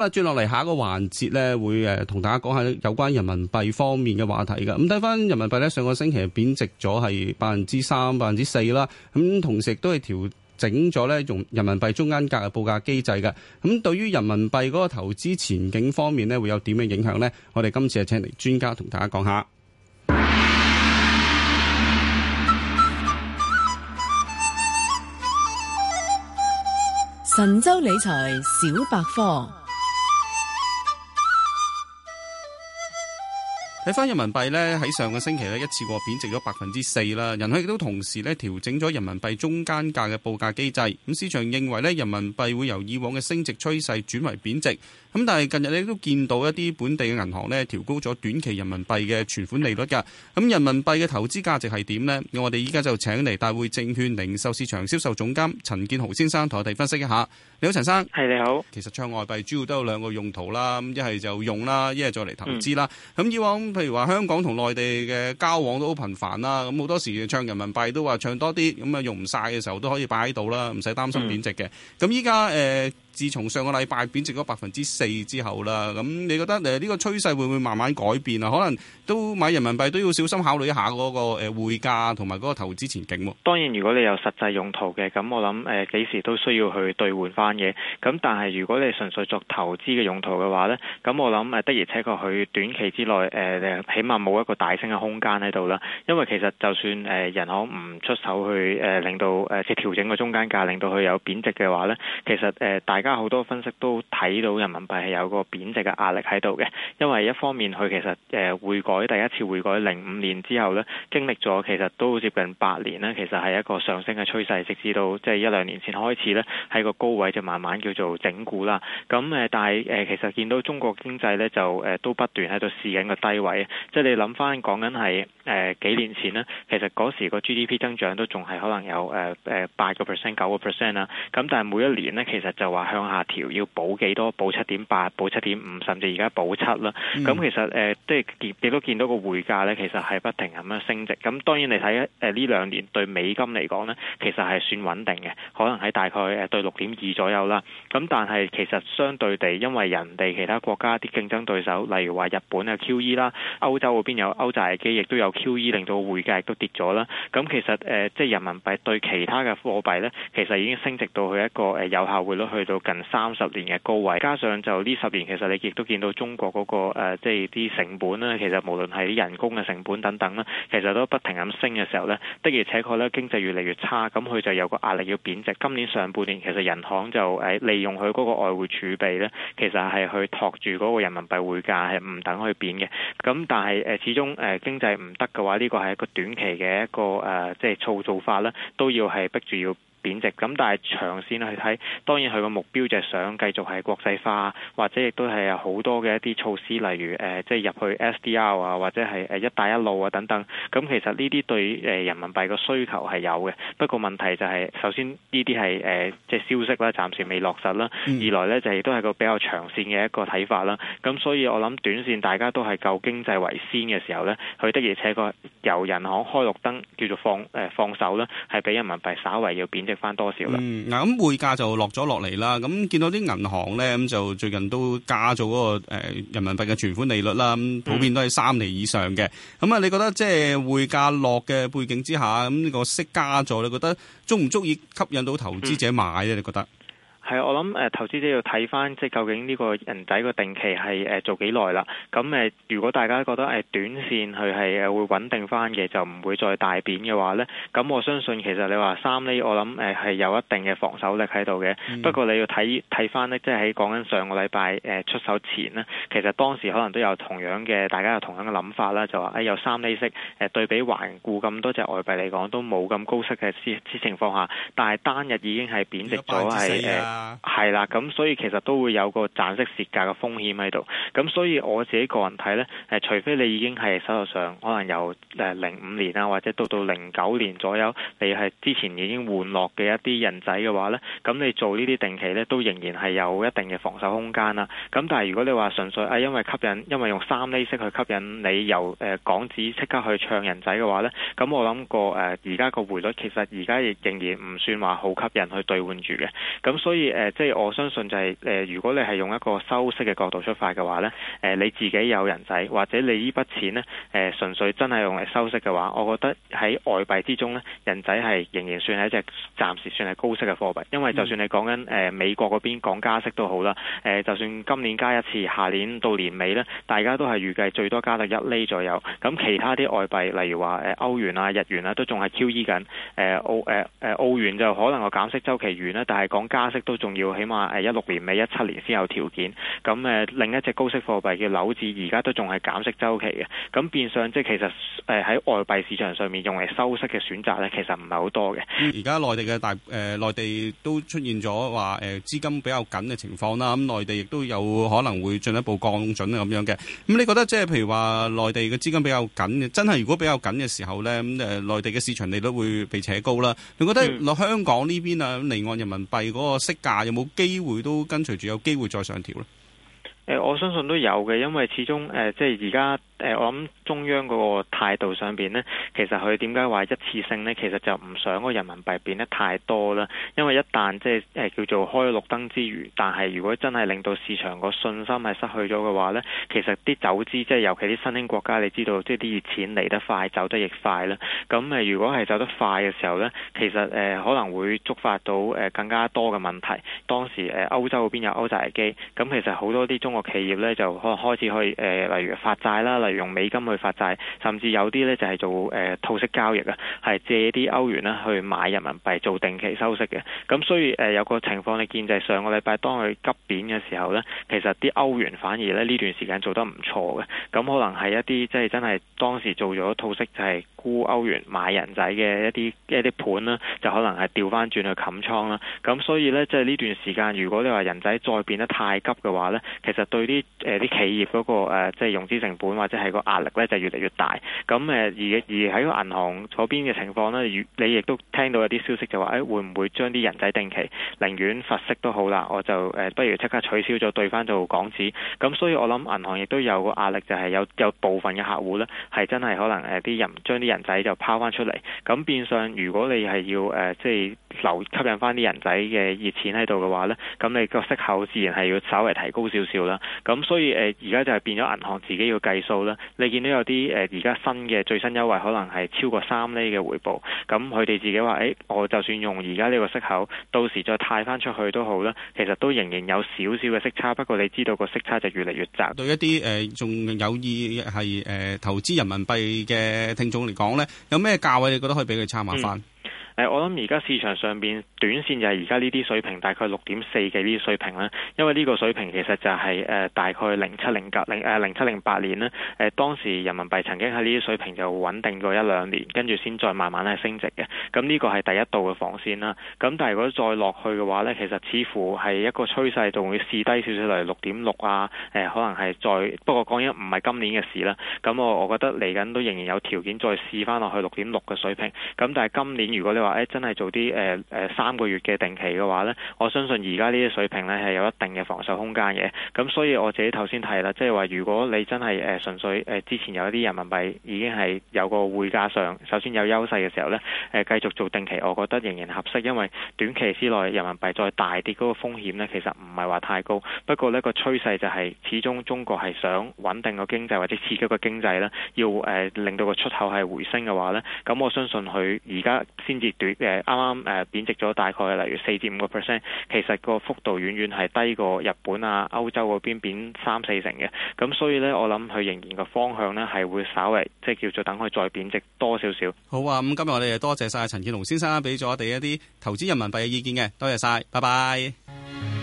咁啊，轉落嚟下一個環節咧，會誒同大家講下有關人民幣方面嘅話題㗎。咁睇翻人民幣咧，上個星期貶值咗係百分之三、百分之四啦。咁同時亦都係調整咗咧，用人民幣中間價嘅報價機制嘅。咁對於人民幣嗰個投資前景方面咧，會有點樣影響呢？我哋今次係請嚟專家同大家講下。神州理財小百科。睇翻人民幣咧，喺上個星期咧一次過貶值咗百分之四啦。銀行亦都同時咧調整咗人民幣中間價嘅報價機制。咁市場認為咧，人民幣會由以往嘅升值趨勢轉為貶值。咁但係近日咧，都見到一啲本地嘅銀行咧調高咗短期人民幣嘅存款利率㗎。咁人民幣嘅投資價值係點呢？我哋依家就請嚟大會證券零售市場銷售總監陳建豪先生同我哋分析一下。你好，陳生。係，你好。其實唱外幣主要都有兩個用途啦。咁一係就用啦，一係再嚟投資啦。咁、嗯、以往譬如話香港同內地嘅交往都好頻繁啦，咁好多時唱人民幣都話唱多啲，咁啊用唔晒嘅時候都可以擺喺度啦，唔使擔心貶值嘅。咁依家誒。呃自從上個禮拜貶值咗百分之四之後啦，咁你覺得誒呢個趨勢會唔會慢慢改變啊？可能都買人民幣都要小心考慮一下嗰個誒匯價同埋嗰個投資前景。當然，如果你有實際用途嘅，咁我諗誒幾時都需要去兌換翻嘢。咁但係如果你純粹作投資嘅用途嘅話呢，咁我諗誒的而且確佢短期之內誒、呃、起碼冇一個大升嘅空間喺度啦。因為其實就算誒、呃、人行唔出手去誒令到誒即係調整個中間價，令到佢有貶值嘅話呢，其實誒、呃、大家。而家好多分析都睇到人民幣係有個貶值嘅壓力喺度嘅，因為一方面佢其實誒匯、呃、改第一次匯改零五年之後咧，經歷咗其實都接近八年咧，其實係一個上升嘅趨勢，直至到即係一兩年前開始咧，喺個高位就慢慢叫做整固啦。咁誒、呃，但係誒、呃、其實見到中國經濟咧就誒、呃、都不斷喺度試緊個低位，即係你諗翻講緊係。誒、呃、幾年前呢，其實嗰時個 GDP 增長都仲係可能有誒誒八個 percent、九個 percent 啦。咁但係每一年呢，其實就話向下調，要補幾多？補七點八，補七點五，甚至而家補七啦。咁、嗯、其實誒，即係見亦都見到個匯價呢，其實係不停咁樣升值。咁當然你睇誒呢兩年對美金嚟講呢，其實係算穩定嘅，可能喺大概誒對六點二左右啦。咁但係其實相對地，因為人哋其他國家啲競爭對手，例如話日本嘅 QE 啦，歐洲嗰邊有歐債機，亦都有。QE QE 令到匯價亦都跌咗啦，咁其實誒即係人民幣對其他嘅貨幣咧，其實已經升值到去一個有效匯率去到近三十年嘅高位，加上就呢十年其實你亦都見到中國嗰個誒即係啲成本啦，其實無論係啲人工嘅成本等等啦，其實都不停咁升嘅時候咧，的而且確咧經濟越嚟越差，咁佢就有個壓力要貶值。今年上半年其實人行就利用佢嗰個外匯儲備咧，其實係去托住嗰個人民幣匯價係唔等佢貶嘅，咁但係始終誒、呃、經濟唔得。嘅話，呢個係一個短期嘅一個誒，即、呃、係、就是、操作法啦，都要係逼住要。貶值咁，但係長線去睇，當然佢個目標就係想繼續係國際化，或者亦都係有好多嘅一啲措施，例如誒，即係入去 SDR 啊，或者係誒一帶一路啊等等。咁、嗯、其實呢啲對誒人民幣個需求係有嘅，不過問題就係、是、首先呢啲係誒即係消息啦，暫時未落實啦。二來呢就亦都係個比較長線嘅一個睇法啦。咁、嗯、所以我諗短線大家都係夠經濟為先嘅時候呢，佢的而且確由人行開綠燈，叫做放誒、呃、放手啦，係俾人民幣稍為要貶值。翻多少啦？嗯，嗱，咁匯價就落咗落嚟啦。咁見到啲銀行咧，咁就最近都加咗嗰個誒人民幣嘅存款利率啦。咁普遍都係三厘以上嘅。咁啊，你覺得即係匯價落嘅背景之下，咁呢個息加咗，你覺得足唔足以吸引到投資者買咧？你覺得？係，我諗誒投資者要睇翻，即係究竟呢個人仔個定期係做幾耐啦？咁如果大家覺得誒短線佢係誒會穩定翻嘅，就唔會再大貶嘅話咧，咁我相信其實你話三厘，我諗誒係有一定嘅防守力喺度嘅。嗯、不過你要睇睇翻咧，即係喺講緊上個禮拜出手前咧，其實當時可能都有同樣嘅大家有同樣嘅諗法啦，就話誒、哎、有三厘息對比環顧咁多隻外幣嚟講都冇咁高息嘅資，資情況下，但係單日已經係貶值咗係誒。係啦，咁所以其實都會有個暫時蝕價嘅風險喺度，咁所以我自己個人睇呢，誒，除非你已經係手頭上可能由誒零五年啊，或者到到零九年左右，你係之前已經換落嘅一啲人仔嘅話呢，咁你做呢啲定期呢，都仍然係有一定嘅防守空間啦。咁但係如果你話純粹啊，因為吸引，因為用三厘息去吸引你由誒港紙即刻去唱人仔嘅話呢，咁我諗過誒，而家個匯率其實而家亦仍然唔算話好吸引去兌換住嘅，咁所以。誒、呃，即係我相信就係、是、誒、呃，如果你係用一個收息嘅角度出發嘅話呢，誒、呃、你自己有人仔，或者你呢筆錢呢誒、呃、純粹真係用嚟收息嘅話，我覺得喺外幣之中呢，人仔係仍然算係一隻暫時算係高息嘅貨幣，因為就算你講緊誒美國嗰邊講加息都好啦，誒、呃、就算今年加一次，下年到年尾呢，大家都係預計最多加到一厘左右，咁其他啲外幣，例如話誒、呃、歐元啊、日元啊，都仲係 QE 緊，誒、呃、澳誒誒、呃、澳元就可能我減息週期遠完啦，但係講加息都。仲要，起碼誒一六年尾一七年先有條件。咁另一隻高息貨幣叫紐幣，而家都仲係減息週期嘅。咁變相即係其實喺外幣市場上面用嚟收息嘅選擇咧，其實唔係好多嘅。而家、嗯、內地嘅大誒、呃、內地都出現咗話誒資金比較緊嘅情況啦。咁、嗯、內地亦都有可能會進一步降準啊咁樣嘅。咁、嗯、你覺得即係譬如話內地嘅資金比較緊嘅，真係如果比較緊嘅時候咧，咁、呃、誒內地嘅市場利率都會被扯高啦。你覺得落香港呢邊啊？離岸人民幣嗰個息，息？價有冇機會都跟隨住有機會再上調咧？誒、呃，我相信都有嘅，因為始終誒、呃，即係而家。誒，我諗中央嗰個態度上邊呢，其實佢點解話一次性呢？其實就唔想個人民幣變得太多啦。因為一旦即係叫做開綠燈之餘，但係如果真係令到市場個信心係失去咗嘅話呢，其實啲走資即係尤其啲新興國家，你知道即係啲熱錢嚟得快，走得亦快啦。咁誒，如果係走得快嘅時候呢，其實誒可能會觸發到誒更加多嘅問題。當時誒歐洲嗰邊有歐債危機，咁其實好多啲中國企業呢，就可能開始去誒，例如發債啦。用美金去發債，甚至有啲呢就係做誒套、呃、息交易啊，係借啲歐元呢去買人民幣做定期收息嘅。咁所以誒、呃、有個情況你見就係、是、上個禮拜當佢急貶嘅時候呢，其實啲歐元反而咧呢段時間做得唔錯嘅。咁可能係一啲即係真係當時做咗套息就係、是。沽歐元買人仔嘅一啲一啲盤啦，就可能係調翻轉去冚倉啦。咁所以咧，即係呢段時間，如果你話人仔再變得太急嘅話咧，其實對啲誒啲企業嗰、那個、呃、即係融資成本或者係個壓力咧就越嚟越大。咁誒而而喺個銀行左邊嘅情況咧，你亦都聽到一啲消息就話誒、哎、會唔會將啲人仔定期寧願罰息都好啦，我就誒、呃、不如即刻取消咗兌翻做港紙。咁所以我諗銀行亦都有個壓力就是，就係有有部分嘅客戶咧係真係可能誒啲人將啲人。仔就拋翻出嚟，咁變相如果你係要即係留吸引翻啲人仔嘅熱錢喺度嘅話呢，咁你個息口自然係要稍微提高少少啦。咁所以誒，而家就係變咗銀行自己要計數啦。你見到有啲誒而家新嘅最新優惠，可能係超過三厘嘅回報，咁佢哋自己話：誒，我就算用而家呢個息口，到時再貸翻出去都好啦，其實都仍然有少少嘅息差。不過你知道個息差就越嚟越窄。對一啲仲、呃、有意係、呃、投資人民幣嘅聽眾嚟講，講咧，有咩價位你覺得可以俾佢參考翻？嗯我諗而家市場上面，短線就係而家呢啲水平，大概六點四幾呢啲水平啦。因為呢個水平其實就係大概零七零九零零七零八年呢，當時人民幣曾經喺呢啲水平就穩定過一兩年，跟住先再慢慢係升值嘅。咁呢個係第一道嘅防線啦。咁但係如果再落去嘅話呢，其實似乎係一個趨勢，仲會試低少少嚟六點六啊。可能係再不過講緊唔係今年嘅事啦。咁我我覺得嚟緊都仍然有條件再試翻落去六點六嘅水平。咁但係今年如果你話，誒真係做啲誒誒三個月嘅定期嘅話咧，我相信而家呢啲水平咧，係有一定嘅防守空間嘅。咁所以我自己頭先提啦，即係話如果你真係誒純粹誒之前有一啲人民幣已經係有個匯價上首先有優勢嘅時候呢，誒、呃、繼續做定期，我覺得仍然合適，因為短期之內人民幣再大跌嗰、那個風險咧其實唔係話太高。不過呢、那個趨勢就係、是、始終中國係想穩定個經濟或者刺激個經濟咧，要誒、呃、令到個出口係回升嘅話呢。咁我相信佢而家先至。短啱啱誒貶值咗大概例如四至五個 percent，其實個幅度遠遠係低過日本啊、歐洲嗰邊貶三四成嘅，咁所以呢，我諗佢仍然個方向呢係會稍微即係叫做等佢再貶值多少少。好啊，咁、嗯、今日我哋就多謝晒陳建龍先生俾咗我哋一啲投資人民幣嘅意見嘅，多謝晒，拜拜。